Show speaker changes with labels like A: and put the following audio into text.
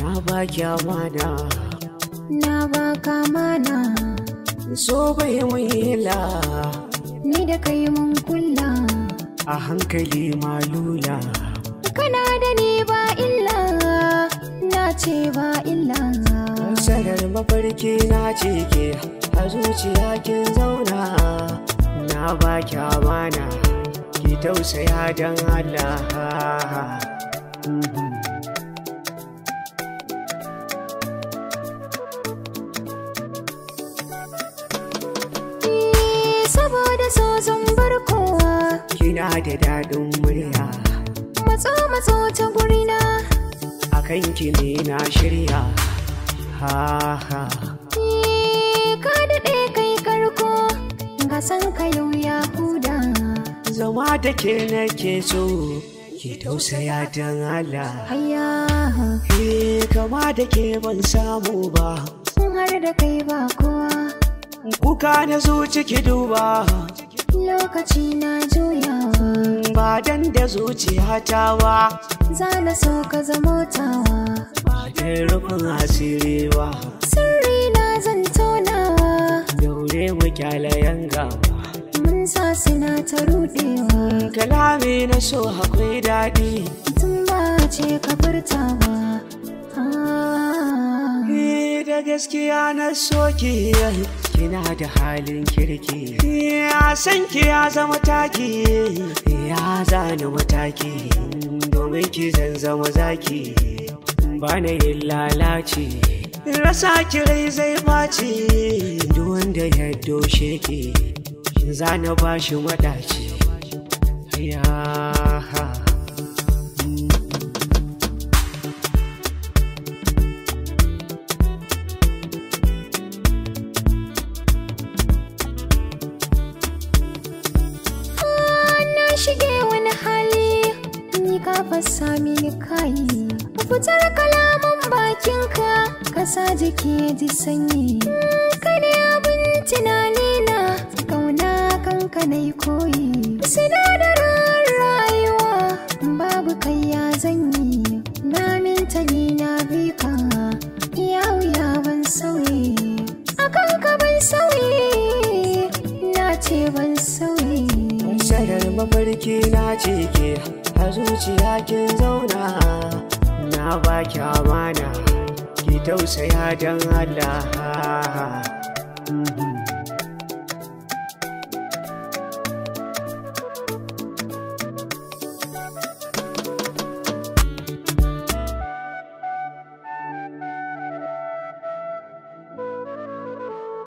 A: na ba kyawana
B: na ba kamana
A: so bai wuyela
B: ni da kai mun kulla
A: a hankali malula
B: kana da ni ba illa na ce ba illa
A: sarar mafarki na ce ke a zuciya ke zauna na ba kyawana ki tausaya don Allah Na da daɗin murya.
B: Matso matso ta gurina. A kan ki ne na shirya. Ha ha. Eh, ka daɗe kai karko, ga san ka yau ya huda. Zama da ke na ke so,
A: ki tausaya don Allah.
B: Hayya. Ke eh, kama da
A: ke ban samu ba.
B: Sun har da kai ba kowa. Kuka na zuci ki duba. lokaci na juyawa ba dan da zuciya ta ba zana so ka zama tawa
A: ba rufin asiri ba
B: sirri na zan tonawa
A: daure mu kyalayen gaba
B: mun sa sina ta rudewa kalami na so akwai daɗi tun ba ce ka furtawa
A: gaskiya na soki kina da halin kirki ya san ki ya zama taki ya zani mataki domin ki zan zama zaki ba na yin lalaci rasa kirai zai ɓaci duk wanda ya doshe ki zana bashi wadaci ya
B: taba sami kayi fitar kalaman bakinka kasa jiki ya ji sanyi ka ne abin tunani na kauna kanka na koyi sinadarin rayuwa babu kai ya zanyi na mintali na bika iya wuya ban sauyi a kanka ban sauyi na ce ban sauye
A: sharar mafarki na ce ke a zuciya kin zauna na baki amana ki tausaya don Allah